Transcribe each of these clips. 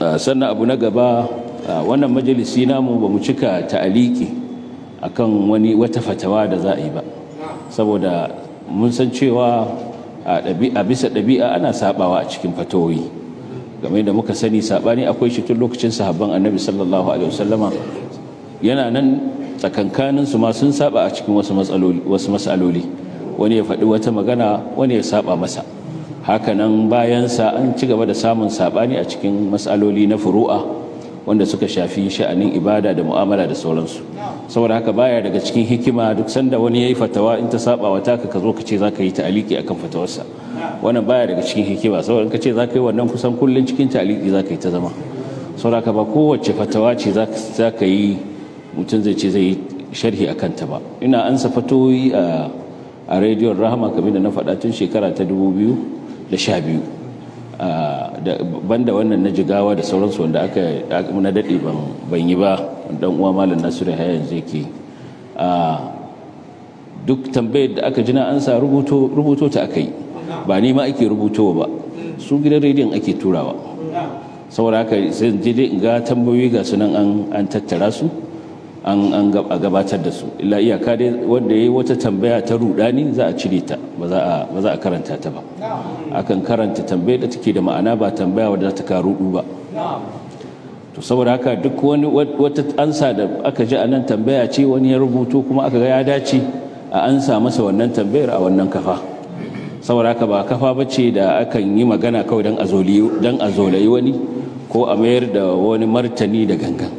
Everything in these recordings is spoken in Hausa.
sannan abu na gaba wannan majalisi namu ba mu cika ta'aliki akan wani wata fatawa da za a yi ba saboda mun san cewa a bisa ɗabi'a ana sabawa a cikin fatowi game da muka sani sabani akwai shi tun lokacin sahabban annabi sallallahu alaihi wasallama yana nan tsakankanin su ma sun saba a cikin wasu matsaloli wani ya faɗi wata magana wani ya saba masa hakanan bayansa an ci gaba da samun saɓani a cikin matsaloli na furu'a wanda suka shafi sha'anin ibada da mu'amala da sauransu saboda haka baya daga cikin hikima duk sanda wani ya yi fatawa in ta saba wa taka ka zo ka ce za yi ta'aliki akan fatawarsa wannan baya daga cikin hikima saboda in ka ce za ka yi wannan kusan kullum cikin ta'aliki za yi ta zama saboda haka ba kowace fatawa ce za ka yi mutum zai ce zai yi sharhi a kanta ba ina ansa fatoyi a rediyon rahama kamar da na faɗa tun shekara ta dubu biyu da sha biyu ah, banda wannan na jigawa da sauransu wanda aka na daɗe ban yi ba dan uwa malam nasiru haya yanzu yake ah, duk tambayar da aka jina ansa rubuto ta aka yi ba ni ma ake rubutowa ba su gidan rediyon ake turawa saboda haka sai je dai ga tambayoyi ga sunan an tattara su an gabatar da su illa iyaka dai wanda ya yi wata tambaya ta rudani za a cire ta ba za a karanta ta ba akan karanta tambayar da take da ma'ana ba tambaya wadda za ta karudu ba to saboda haka duk wani wata ansa da aka ji a nan tambaya ce wani ya rubuto kuma aka ga ya dace a ansa masa wannan tambayar a wannan kafa saboda haka ba kafa ba ce da akan yi magana kawai don a zolayi wani ko a mayar da wani martani da gangan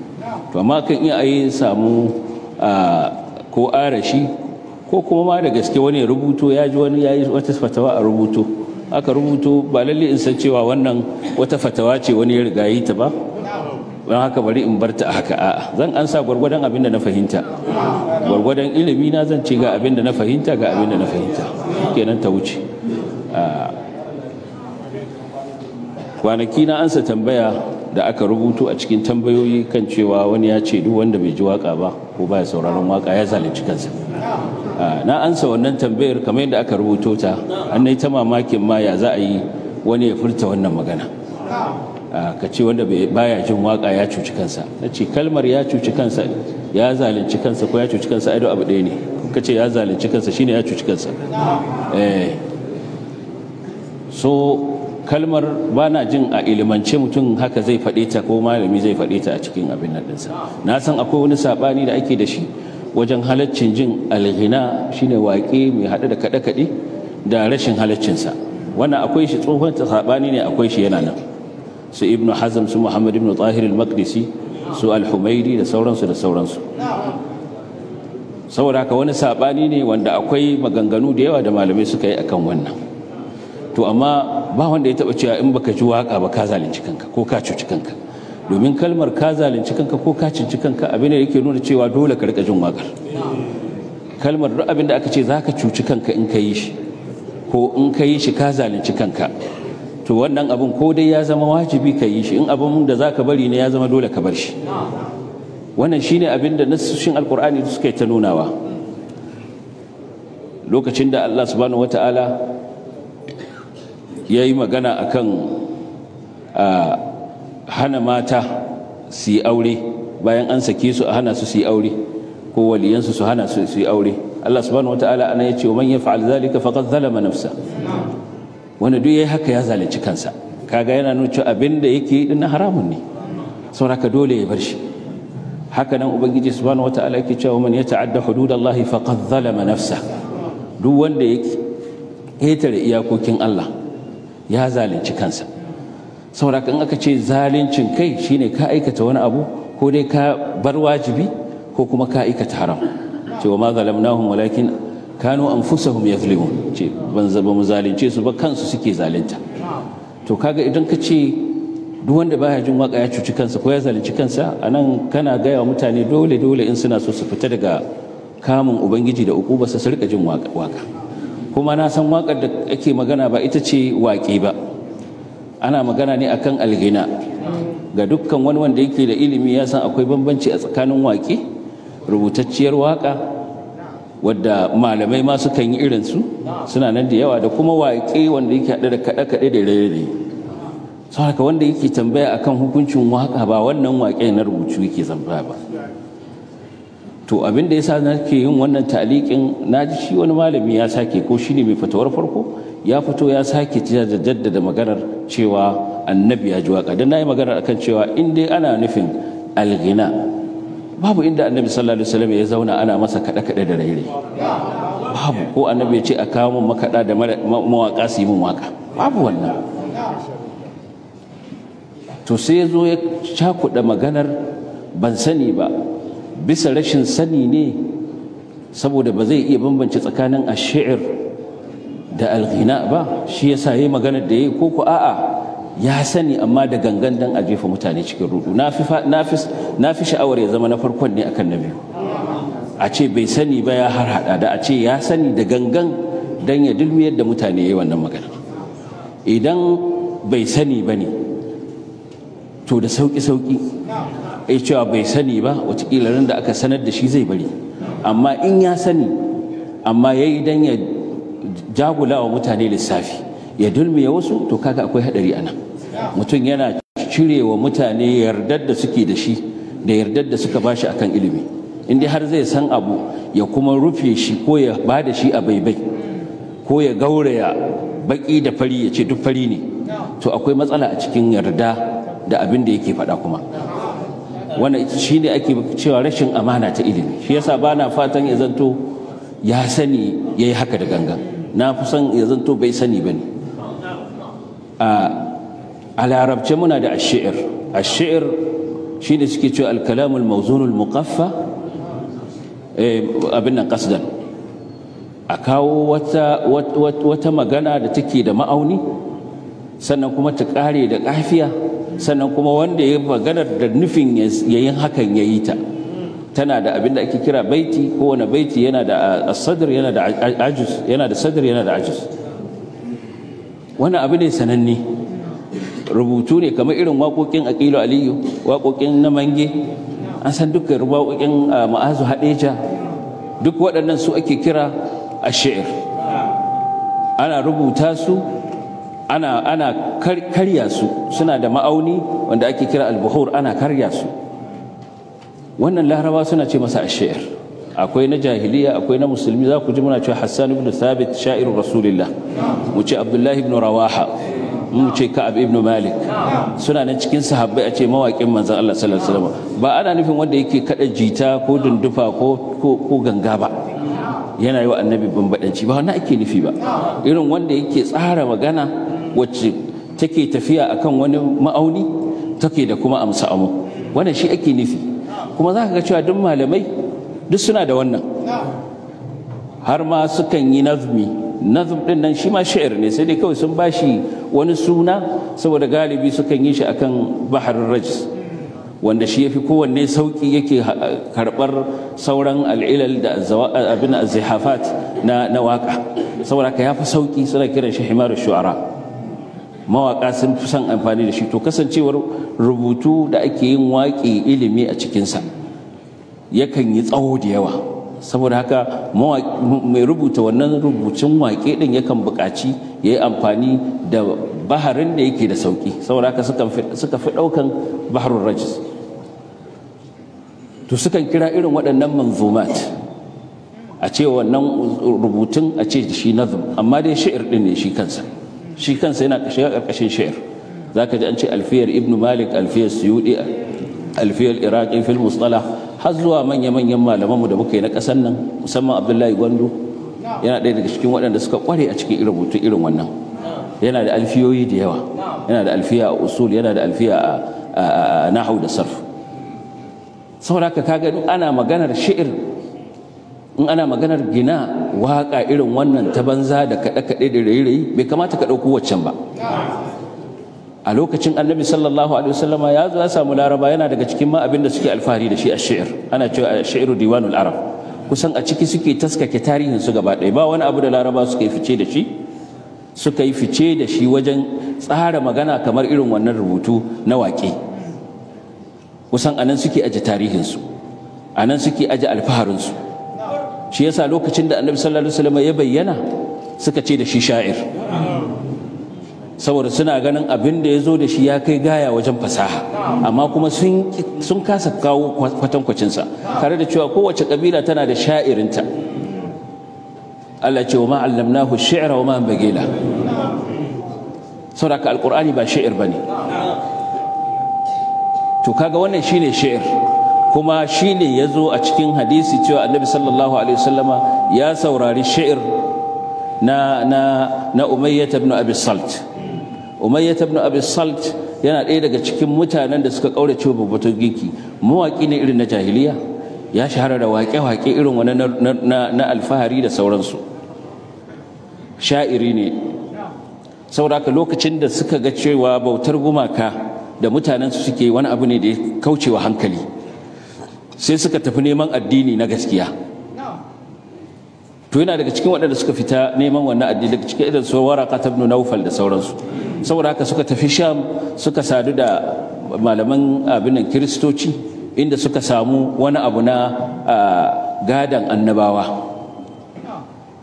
to amma kan iya a yi samu ko arashi ko kuma ma da gaske wani ya rubuto ya ji wani ya yi wata fatawa a rubuto aka rubuto ba lalle in san cewa wannan wata fatawa ce wani ya riga yi ta ba don haka bari in barta a haka a'a zan ansa gwargwadon abin da na fahimta gwargwadon ilimi na zan ce ga abin da na fahimta ga abin da na fahimta kenan ta wuce kwanaki na ansa tambaya da aka rubuto a cikin tambayoyi kan cewa wani ya ce duk wanda bai ji waka ba ko baya sauraron waka ya zalunci kansa Ah, na ansa wannan tambayar kamar yadda aka rubuto ta an ta mamakin ma ya za a yi wani ya furta wannan magana ah, ka ce wanda baya jin waka ya cuci kansa na ce kalmar ya cuci kansa ya zalunci kansa ko ya cuci kansa aido abu ɗaya ne ka ce ya zalunci kansa shine ya cuci kansa eh, so kalmar ba na jin a ilimance mutum haka zai faɗe ta ko malami zai faɗe ta a cikin abin nan ɗinsa na san akwai wani saɓani da ake da shi wajen halaccin jin alghina shine waƙe mai haɗe da kaɗe-kaɗe da rashin halaccinsa wannan akwai shi tsohon ta saɓani ne akwai shi yana nan su ibn hazm su muhammad ibn tahir al-maqdisi su alhumairi da sauransu da sauransu saboda haka wani saɓani ne wanda akwai maganganu da yawa da malamai suka yi akan wannan to amma ba wanda ya taɓa cewa in baka ji waƙa ba ka zalunci kanka ko ka cuci kanka domin kalmar ka zalunci kanka ko ka cinci kanka abin da yake nuna cewa dole ka rika jin wakar kalmar duk abin da aka ce zaka cuci kanka in ka shi ko in ka shi ka zalunci kanka to wannan abin ko dai ya zama wajibi ka yi shi in abin da zaka bari ne ya zama dole ka bar shi wannan shine abin da nassoshin alkur'ani suka yi ta nunawa lokacin da Allah subhanahu wataala ya yi magana akan ah, hana mata su yi aure bayan an sake su a hana su su yi aure ko waliyansu su hana su su yi aure Allah subhanahu wataala ana wa man yaf'al zalika faqad zalama nafsa wanda duk yayi haka ya zalunci kansa kaga yana nuna cewa abin da yake din haramun ne sauraka dole ya bar shi haka nan ubangiji subhanahu wataala yake cewa man yata'adda hududallahi faqad zalama nafsa duk wanda yake ketare iyakokin Allah ya zalunci kansa saurakan aka ce zalincin kai shine ka aikata wani abu ko dai ka bar wajibi ko kuma ka aikata haram ce wa ma zalamnahum walakin kanu anfusahum yazlimun ce ban zaba mu zalunce su ba kansu suke zalunta to kaga idan ka ce duk wanda baya jin waka ya cuci kansa ko ya zalunci kansa anan kana gaya wa mutane dole dole in suna so su fita daga kamun ubangiji da uku ba su rika jin waka kuma na san wakar da ake magana ba ita ce waƙe ba ana magana ne akan alghina ga dukkan wani wanda yake da ilimi ya san akwai bambanci a tsakanin waƙe rubutacciyar waƙa wadda malamai ma sukan yi irinsu suna nan da yawa da kuma waƙe wanda yake haɗe da kaɗe-kaɗe da raye saboda haka wanda yake tambaya akan hukuncin waƙa ba wannan waƙe na rubutu yake zamba ba to abin da yasa nake yin wannan ta'liqin na ji shi wani malami ya sake ko shine mai fatawar farko ya fito ya sake jaddada maganar cewa annabi ya ji waka dan yi maganar akan cewa in dai ana nufin alghina babu inda annabi sallallahu alaihi wasallam ya zauna ana masa kada kada da raire babu ko annabi ya ce a kawo min makada da mawaka su yi min waka babu wannan to sai ya zo ya cakuɗa maganar ban sani ba bisa rashin sani ne saboda ba zai iya bambance tsakanin ashir da alghina ba shi ya yasa yi magana da yi ko ko a'a ya sani amma da gangan dan a jefa mutane cikin rudu na fi sha'awar ya zama na farkon ne akan na biyu a ce bai sani ba ya har hada da a ce ya sani da gangan dan ya dulmiyar da mutane ya yi wannan magana idan bai sani ba ne to da sauƙi-sauƙi ya eh, cewa bai sani ba watakila ran da aka sanar da shi zai bari amma in ya sani amma ya yi don ya jagula wa mutane lissafi ya ya wasu to kaga akwai hadari anan mutum yana cire wa mutane yardar da suke da shi da yardar da suka bashi akan ilimi In dai har zai san abu ya kuma rufe shi ko ya ba da shi a baibai ko ya gauraya baki da fari ya ce duk fari ne to akwai matsala a cikin yarda da abin da yake faɗa kuma wannan shi ne ake cewa rashin amana ta ilimi shi yasa ba na fatan ya zanto ya sani ya yi haka da gangan na fi son ya zanto bai sani ba ne a larabce muna da ashe'ir ashe'ir shi ne suke cewa alkalamul mauzunul muqaffa eh, abin nan kasdan a kawo wata magana da take da ma'auni sannan kuma ta kare da kafiya sannan kuma wanda ya maganar da nufin yayin hakan ya yi ta tana da abin da ake kira baiti kowane baiti yana da yana da ajus yana da sadar yana da ajus wani abu ne sananne rubutu ne kamar irin waƙoƙin aqilu aliyu waƙoƙin na mange an san dukkan waƙoƙin ah, ma'azu haɗeja duk waɗannan su ake kira ashir ana rubuta su ana karya su suna da ma'auni wanda ake kira albuhur ana karya su wannan laharawa suna ce masa ashir akwai na jahiliya akwai na musulmi za ku ji muna cewa hassan ibn thabit sha'irun rasulillah mu ce abdullahi ibn rawaha mu ce ka'ab ibn malik suna nan cikin sahabbai a ce mawaƙin manzon Allah sallallahu ba ana nufin wanda yake kada jita ko dundufa ko ganga ba yana yi wa annabi bambadanci ba wannan ake nufi ba irin wanda yake tsara magana wacce take tafiya akan wani ma'auni take da kuma amsa amu wannan shi ake nufi kuma za ka ga cewa duk malamai duk suna da wannan har ma sukan yi nazmi nazm din nan shi ma sha'ir ne sai dai kawai sun ba shi wani suna saboda galibi sukan yi shi akan baharin rajis wanda shi yafi kowanne sauki yake karɓar sauran al'ilal da abin azihafat na na waka saboda ka yafi sauki suna kiran shi himarar shu'ara mawaka sun fi son amfani da shi to kasancewar rubutu da ake yin waƙe ilimi a cikinsa yakan yi tsawo da yawa saboda haka mai rubuta wannan rubucin waƙe ɗin yakan buƙaci ya yi amfani da baharin da yake da sauƙi saboda haka suka fi ɗaukan baharun rajis to sukan kira irin waɗannan manzumat a ce wannan rubutun a ce shi nazum amma dai shi'ir ɗin ne shi kansa shi kansa yana shiga karkashin sha'ir zaka ji an ce alfiyar ibnu malik alfiyar suyudi alfiyar iraqi fil mustalah har zuwa manya-manyan malamanmu da muka yi na ƙasar nan musamman abdullahi gwandu yana ɗaya daga cikin waɗanda suka ƙware a cikin rubutu irin wannan yana da alfiyoyi da yawa yana da alfiya a usul yana da alfiya a nahau da sarf saboda haka ka gani ana maganar shi'ir in ana maganar gina waka irin wannan ta banza da kaɗe-kaɗe da rairayi bai kamata ka ɗauko waccan ba a lokacin annabi sallallahu alaihi wasallama ya zo ya samu laraba yana daga cikin ma abinda suke alfahari da shi a shi'ir ana cewa a shi'iru diwanul arab kusan a ciki suke taskake tarihin su gaba ɗaya ba wani abu da laraba suka yi fice da shi suka yi fice da shi wajen tsara magana kamar irin wannan rubutu na waƙe kusan anan suke aje tarihin su anan suke aje alfaharin su shi yasa lokacin da annabi sallallahu alaihi wasallam ya bayyana suka ce da shi sha'ir saboda suna ganin abin da ya zo da shi ya kai gaya wajen fasaha amma kuma sun kasa kawo kwatankwacinsa tare da cewa kowace kabila tana da sha'irinta Allah ce wa ma allamnahu shi'ra wa ma bagila saboda alqur'ani ba shi'ir bane to kaga wannan shine shi'ir kuma shi ne ya zo a cikin hadisi cewa annabi sallallahu alaihi wasallama ya saurari shi'ir na na na umayyah ibn abi salt umayyah ibn abi salt yana ɗaya daga cikin mutanen da suka ƙaurace cewa babbatun giki mawaƙi ne irin na jahiliya ya shahara da waƙe-waƙe irin wani na alfahari da sauransu sha'iri ne ka lokacin da suka ga cewa bautar gumaka da mutanensu suke wani abu ne da ya kaucewa hankali sai suka tafi neman addini na gaskiya to yana daga cikin waɗanda suka fita neman wannan addini daga cikin irin suwa waraka ta ibn naufal da sauransu saboda haka suka tafi sham suka sadu da malaman nan kiristoci inda suka samu wani abu na gadan annabawa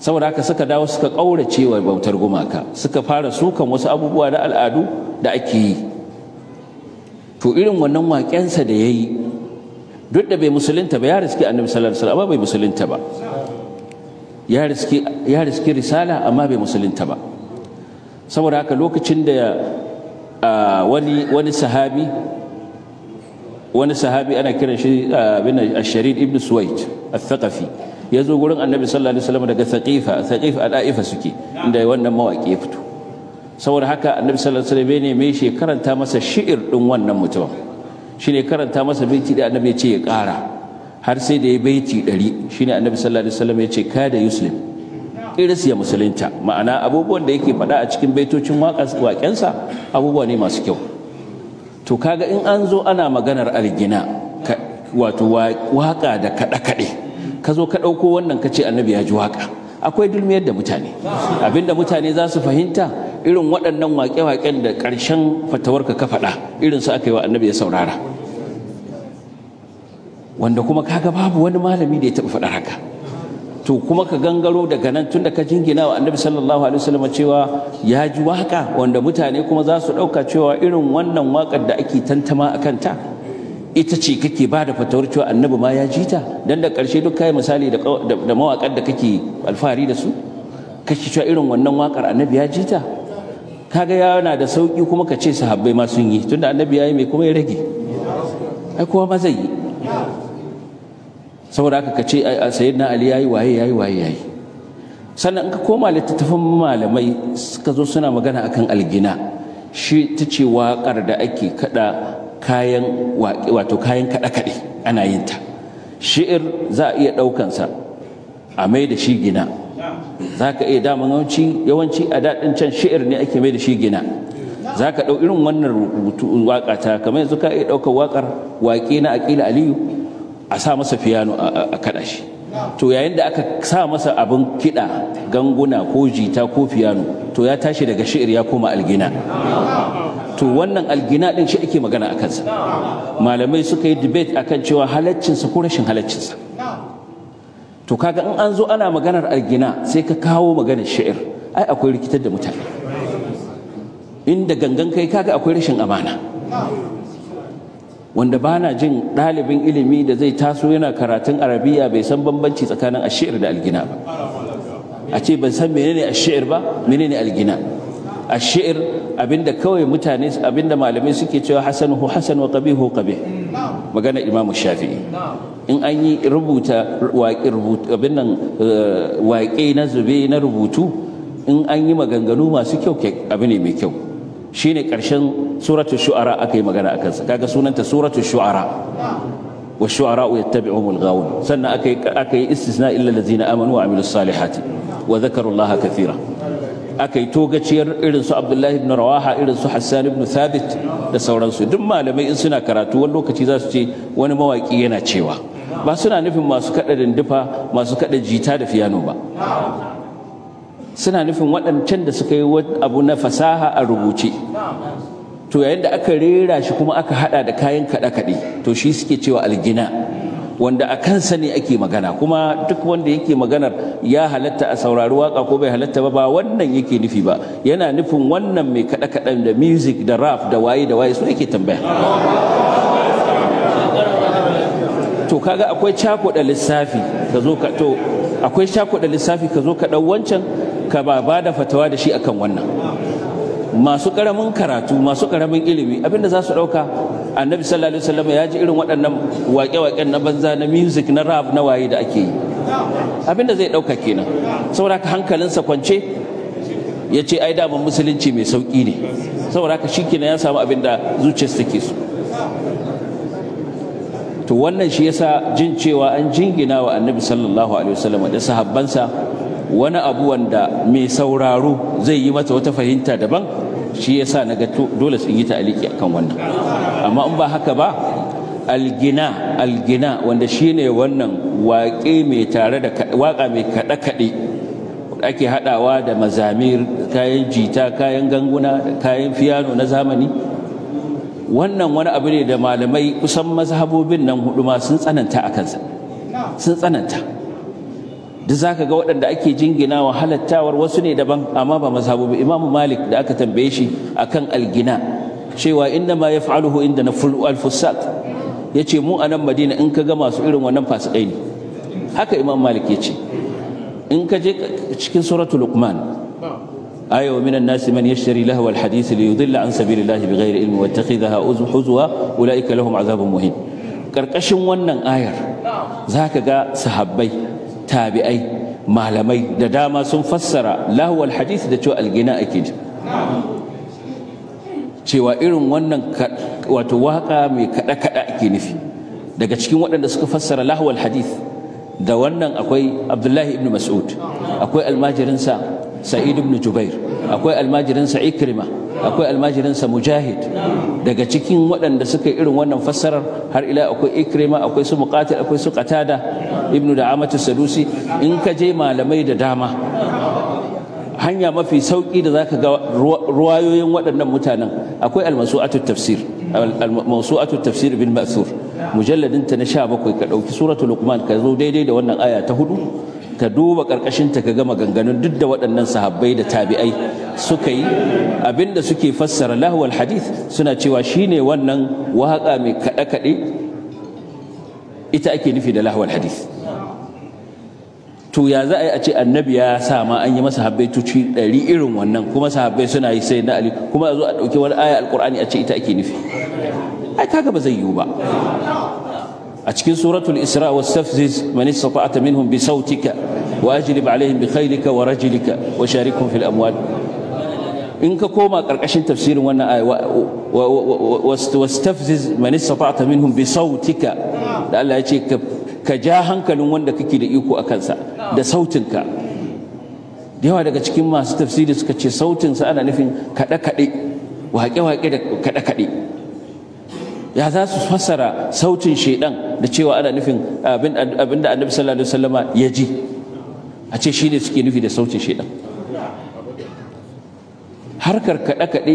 saboda haka suka dawo suka ƙaurace wa bautar gumaka suka fara sukan wasu abubuwa na al'adu da ake yi to irin wannan waƙensa da ya yi duk da bai musulunta ba ya riski annabi sallallahu alaihi wasallam bai musulunta ba ya riski ya riski risala amma bai musulunta ba saboda haka lokacin da wani wani sahabi wani sahabi ana kiran shi bin ash-sharid ibn suwaid al-thaqafi ya zo gurin annabi sallallahu alaihi wasallam daga thaqifa thaqifa al-aifa suke inda wannan mawaki ya fito saboda haka annabi sallallahu alaihi wasallam ne mai shekaranta masa shi'ir din wannan mutum. shine karanta masa baiti da annabi ya ce ya kara har sai da ya baiti ɗari shine annabi sallallahu alaihi wasallam ya ce da yuslim ya musulunta ma'ana abubuwan da yake faɗa a cikin baitocin waƙensa abubuwa ne masu kyau to kaga in an zo ana maganar algina wato waƙa da kaɗe-kaɗe ka zo ka ɗauko wannan ka ce annabi ya ji waka. akwai dulmiyar da mutane abinda mutane za su fahimta irin waɗannan waƙe-waƙen da ƙarshen fatawarka ka faɗa irin su aka yi wa annabi ya saurara wanda kuma kaga babu wani malami da ya taɓa faɗar haka to kuma ka gangaro daga nan tun da ka jingina wa annabi sallallahu alaihi wasallam cewa ya ji waƙa wanda mutane kuma za su ɗauka cewa irin wannan waƙar da ake tantama a kanta ita ce kake ba da fatawar cewa annabi ma ya ji ta don da ƙarshe duk kai misali da mawakar da kake alfahari da su kashi cewa irin wannan waƙar annabi ya ji ta kaga yana da sauki kuma ka ce sahabbai ma sun yi tunda annabi yayi mai kuma ya rage ai kowa ma zai yi saboda haka ka ce sayyidina ali yayi waye yayi waye yayi sannan in ka koma littattafan malamai suka zo suna magana akan algina shi ta ce waƙar da ake kaɗa kayan wato kayan kaɗe-kaɗe ana yin ta shi'ir za a iya ɗaukansa a mai da shi gina za ka iya dama yawanci a daɗin can shi'ir ne ake mai da shi gina za ka ɗau irin wannan waƙa ta kamar yanzu ka iya ɗaukar waƙar waƙe na aƙila aliyu a sa masa fiyano a kaɗa shi to yayin da aka sa masa abin kiɗa ganguna ko jita ko fiyano to ya tashi daga shi'ir ya koma algina to wannan algina ɗin shi ake magana a kansa malamai suka yi debate akan cewa halaccinsa ko rashin halaccinsa to kaga in an zo ana maganar algina sai ka kawo maganar sha'ir ai akwai rikitar da mutane inda gangan kai kaga akwai rashin amana wanda ba na jin ɗalibin ilimi da zai taso yana karatun arabiya bai san bambanci tsakanin ashir da algina ba a ce ban san menene ashir ba menene algina ashir abinda kawai mutane abinda malamai suke cewa hasanu hasan wa qabihu qabih magana imamu shafi'i in an yi rubuta abin eh, waƙe na zube na rubutu in an yi maganganu masu kyau abu ne mai kyau Shi ne ƙarshen suratu shu'ara aka yi magana a kansa kaga sunanta suratu shu'ara wa shu'ara yattabi'uhumul ghawun sannan aka yi aka yi istisna illa zina amanu wa amilu salihati wa laha kathira aka yi togaciyar irin su abdullahi ibn rawaha irin su hassan ibn thabit da sauransu duk malamai in suna karatu wani lokaci za su ce wani mawaki yana cewa ba suna nufin masu kaɗa dindufa masu kaɗa jita da fiyano ba suna nufin waɗancan da suka yi abu na fasaha a rubuce to yayin da aka rera shi kuma aka haɗa da kayan kaɗe-kaɗe to shi suke cewa algina wanda a kansa ne ake magana kuma duk wanda yake maganar ya halatta a saurari waka ko bai halatta ba ba wannan yake nufi ba yana nufin wannan mai kaɗe-kaɗen da music da rap da waye da waye su yake tambaya kaga akwai cakuɗa lissafi ka zo ka to akwai cakuɗa lissafi ka zo ka ɗau wancan ka ba ba da fatawa da shi akan wannan masu ƙaramin karatu masu ƙaramin ilimi abinda za su ɗauka annabi sallallahu alaihi wasallam ya ji irin waɗannan waƙe-waƙen na banza na music na rap na waye da ake yi abinda zai ɗauka kenan saboda hankalinsa kwance ya ce ai daman musulunci mai sauƙi ne saboda ka shi kenan ya samu abinda zuciyarsa take so to wannan shi yasa jin cewa an jingina wa annabi sallallahu alaihi wasallam da sahabbansa wani abu wanda mai sauraro zai yi mata wata fahimta daban shi yasa naga dole sun yi ta'aliki akan wannan amma in ba haka ba algina algina wanda shine wannan waƙe mai tare da waƙa mai kaɗe kaɗe ake haɗawa da mazamir kayan jita kayan ganguna kayan fiyano na zamani wannan wani abu ne da malamai kusan mazhabobin nan huduma sun tsananta a kansa sun tsananta za ka ga waɗanda ake jingina wa halattawar wasu ne daban amma ba mazhabobi imam malik da aka tambaye shi akan algina cewa inda ma yaf'aluhu inda na al yace mu a nan madina in ka ga masu irin wannan fasikai ne haka imam malik yace in ka je cikin suratul luqman أي ومن الناس من يشتري لهو الحديث ليضل عن سبيل الله بغير علم واتخذها حزوا أولئك لهم عذاب مهين karkashin wannan ayar zaka ga sahabbai tabi'ai malamai da dama sun fassara lahwal hadith da cewa algina ake cewa irin wannan wato waka mai kada kada ake nufi daga cikin waɗanda suka fassara lahwal hadith da wannan akwai Abdullahi ibn Mas'ud akwai almajirinsa sa'id ibn jubair akwai almajirinsa ikrima akwai almajirinsa mujahid daga cikin waɗanda suka irin wannan fassarar har ila akwai ikrima akwai su muqatil akwai su qatada ibnu da'amatu sadusi in ka je malamai da dama hanya mafi sauki da zaka ga ruwayoyin waɗannan mutanen akwai almasu'atu tafsir almasu'atu tafsir bin ma'thur mujalladin ta na 17 ka dauki suratul luqman ka zo daidai da wannan aya ta hudu ka duba ƙarƙashinta ka gama ganganun duk da waɗannan sahabbai da tabi'ai suka yi abinda suke fassara lahwal hadith suna cewa shine wannan waƙa mai kaɗe-kaɗe ita ake nufi da lahwal hadith to ya za a yi a ce annabi ya sa ma an yi masa tuci ɗari irin wannan kuma sahabbai suna yi sai na ali kuma a zo a ɗauki wani aya alƙur'ani a ce ita ake nufi ai kaga ba zai yiwu ba a cikin suratul isra wastafziz man istata'ta minhum bi sautika wa ajlib alaihim bi khaylika wa rajlika wa sharikhum fil amwal in ka koma karkashin tafsirin wannan aya wastafziz man istata'ta minhum bi sautika da Allah ya ce ka ja hankalin wanda kake da iko a kansa da sautinka da yawa daga cikin masu tafsiri suka ce sautinsa ana nufin kaɗe-kaɗe waƙe-waƙe da kaɗe-kaɗe ya za su fassara sautin shaidan da cewa ana nufin abin da annabi sallallahu alaihi wasallama ya ji a ce shi ne suke nufi da sautin shaidan harkar kaɗe-kaɗe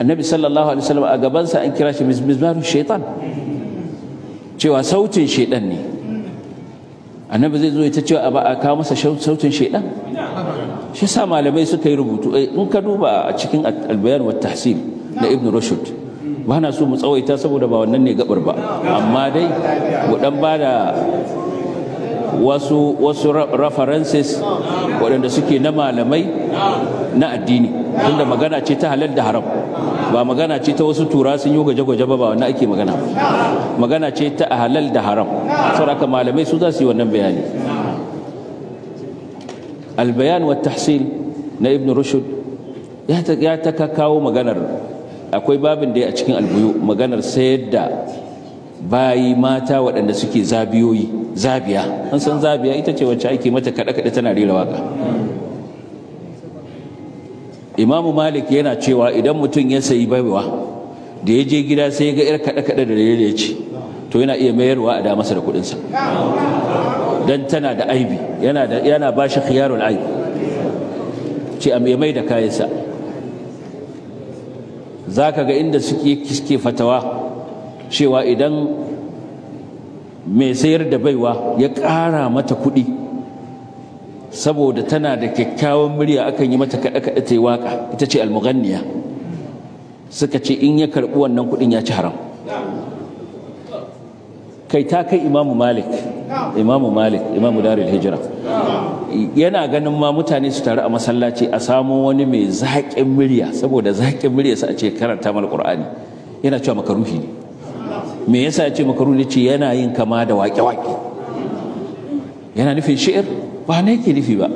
annabi sallallahu alaihi wasallam a gabansa an kira shi mizmarun shaitan cewa sautin shaidan ne annabi zai zo ita cewa a kawo masa sautin shaidan shi sa malamai suka yi rubutu eh, in ka duba a cikin albayan wa tahsin na ibn rushd ba na so mu tsawaita saboda ba wannan ne gabar ba amma dai mu dan ba da wasu wasu references waɗanda suke na malamai na addini tunda magana ce ta halal da haram ba magana ce ta wasu tura sun yi gwaje-gwaje ba ba wannan ake magana magana ce ta halal da haram saboda malamai su za su yi wannan bayani albayan wa tahsil na ibn rushd ya ta kawo maganar akwai babin da ya a cikin albuyu maganar sayar da bayi mata waɗanda suke zabiyoyi zabiya an san zabiya ita ce wacce ake mata kaɗe-kaɗe tana rera waka imamu malik yana cewa idan mutum ya sayi baiwa da ya je gida sai ya ga 'yar kaɗe-kaɗe da rere ya ce to yana iya mayarwa a damasa da kuɗinsa don tana da aibi yana ba shi khiyarun aibi ce a mai da kayansa za ka ga inda suke fatawa cewa idan mai sayar da baiwa ya ƙara mata kuɗi saboda tana da kyakkyawan murya akan yi mata kaɗe-kaɗe ta yi waƙa ita ce almuganniya suka ce in ya karɓi wannan kuɗin ya ci haram kai ta kai imamu malik imamu malik imamu darul hijira yana ganin ma mutane su taru a masallaci a samo wani mai zaƙin murya saboda zaƙin murya sa a ce karanta mal qur'ani yana cewa makaruhi ne me yasa ya ce makaruhi ce yana yin kama da waƙe-waƙe yana nufin shi'ir ba ne yake nufi ba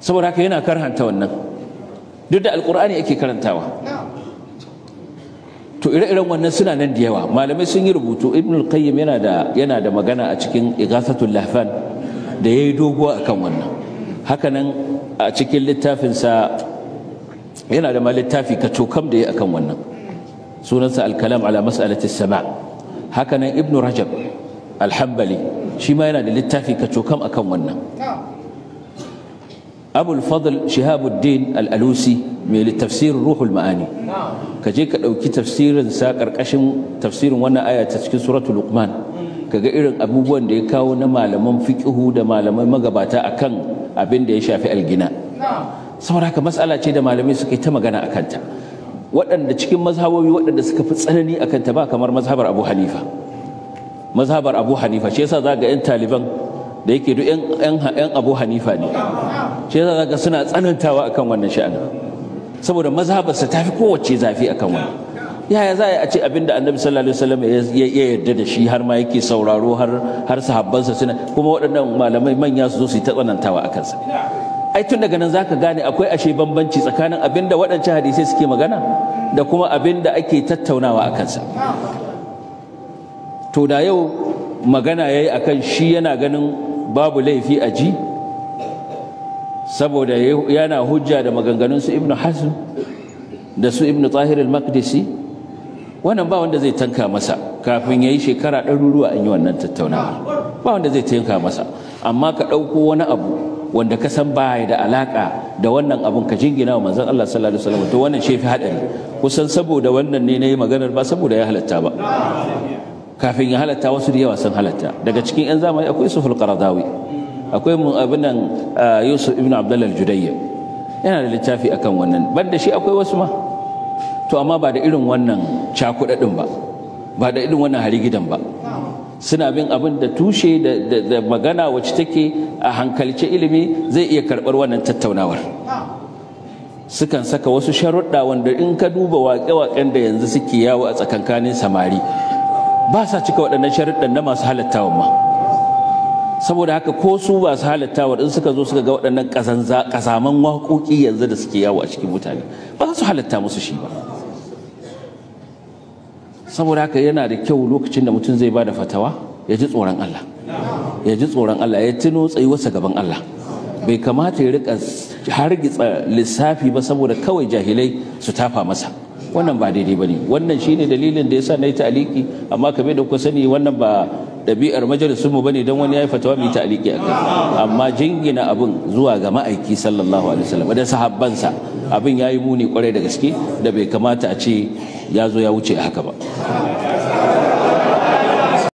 saboda haka yana karhanta wannan duk da alƙur'ani yake karantawa to ire-iren wannan suna nan da yawa malamai sun yi rubutu ibn al-qayyim yana da yana da magana a cikin igathatul lahfan da yayi doguwa akan wannan hakanan a cikin littafin sa yana da ma littafi ka cokam da yayi akan wannan sunansa al-kalam ala mas'alati sama hakanan ibn rajab al-hanbali shi ma yana da littafi ka cokam akan wannan abu fadl shihabuddin alalusi alusi mai tafsirin ruhul ma'ani ka je ka ɗauki tafsirin sa ƙarƙashin tafsirin wannan aya ta cikin suratul luqman ga irin abubuwan da ya kawo na malaman fiqihu da malaman magabata a kan abin da ya shafi algina saboda haka matsala ce da malamai suka yi ta magana a kanta. waɗanda cikin mazhabobi waɗanda suka fi tsanani a kanta ba kamar mazhabar abu hanifa mazhabar abu hanifa shi yasa za ga 'yan taliban da yake duk yan abu hanifa ne shi yasa zaka suna tsanantawa akan wannan sha'anin saboda mazhabarsa sa tafi kowace zafi akan wannan yaya za a ce abinda annabi sallallahu alaihi wasallam ya yarda da shi har ma yake sauraro har har sa suna kuma waɗannan malamai manya su zo su yi ta tsanantawa akan sa ai tun daga nan zaka gane akwai ashe bambanci tsakanin abinda waɗancan hadisai suke magana da kuma abinda ake tattaunawa akan sa to da yau magana yayi akan shi yana ganin babu laifi a ji saboda yana hujja da maganganun su ibnu hasan da su ibnu tahir al-maqdisi wannan ba wanda zai tanka masa kafin yayi shekara ɗaruruwa an yi wannan tattaunawa ba wanda zai tanka masa amma ka ɗauko wani abu wanda ka san baya da alaka da wannan abun ka jingina wa manzon Allah sallallahu alaihi wasallam to wannan shefi hadari kusan saboda wannan ne nayi maganar ba saboda ya halatta ba kafin ya halatta wasu da yawa sun halatta daga cikin 'yan zamani akwai suful qaradawi akwai mun abinan yusuf ibn abdullah al-judayya yana da littafi akan wannan ban da shi akwai wasu ma to amma ba da irin wannan cakudadin ba ba da irin wannan gidan ba suna bin abin da tushe da magana wacce take a hankalce ilimi zai iya karbar wannan tattaunawar sukan saka wasu sharuɗa wanda in ka duba waƙe-waƙen da yanzu suke yawo a tsakankanin samari ba sa cika waɗannan sharuɗan na masu halattawa ma saboda haka ko su ba su halattawa in suka zo suka ga waɗannan ƙazaman waƙoƙi yanzu da suke yawo a cikin mutane ba za su halatta musu shi ba saboda haka yana da kyau lokacin da mutum zai ba da fatawa ya ji tsoron Allah ya ji tsoron Allah ya tuno tsayuwarsa gaban Allah bai kamata ya rika hargitsa lissafi ba saboda kawai jahilai su tafa masa wannan ba daidai ba ne wannan shi ne dalilin da ya sa na yi ta'aliki amma kamar da kuka sani wannan ba ɗabi'ar majalisun mu ne don wani ya yi fatawa mai ta'aliki akai amma jingina abin zuwa ga ma'aiki sallallahu alaihi wasallam da sahabbansa abin yayi muni kwarai da gaske da bai kamata a ce ya zo ya wuce haka ba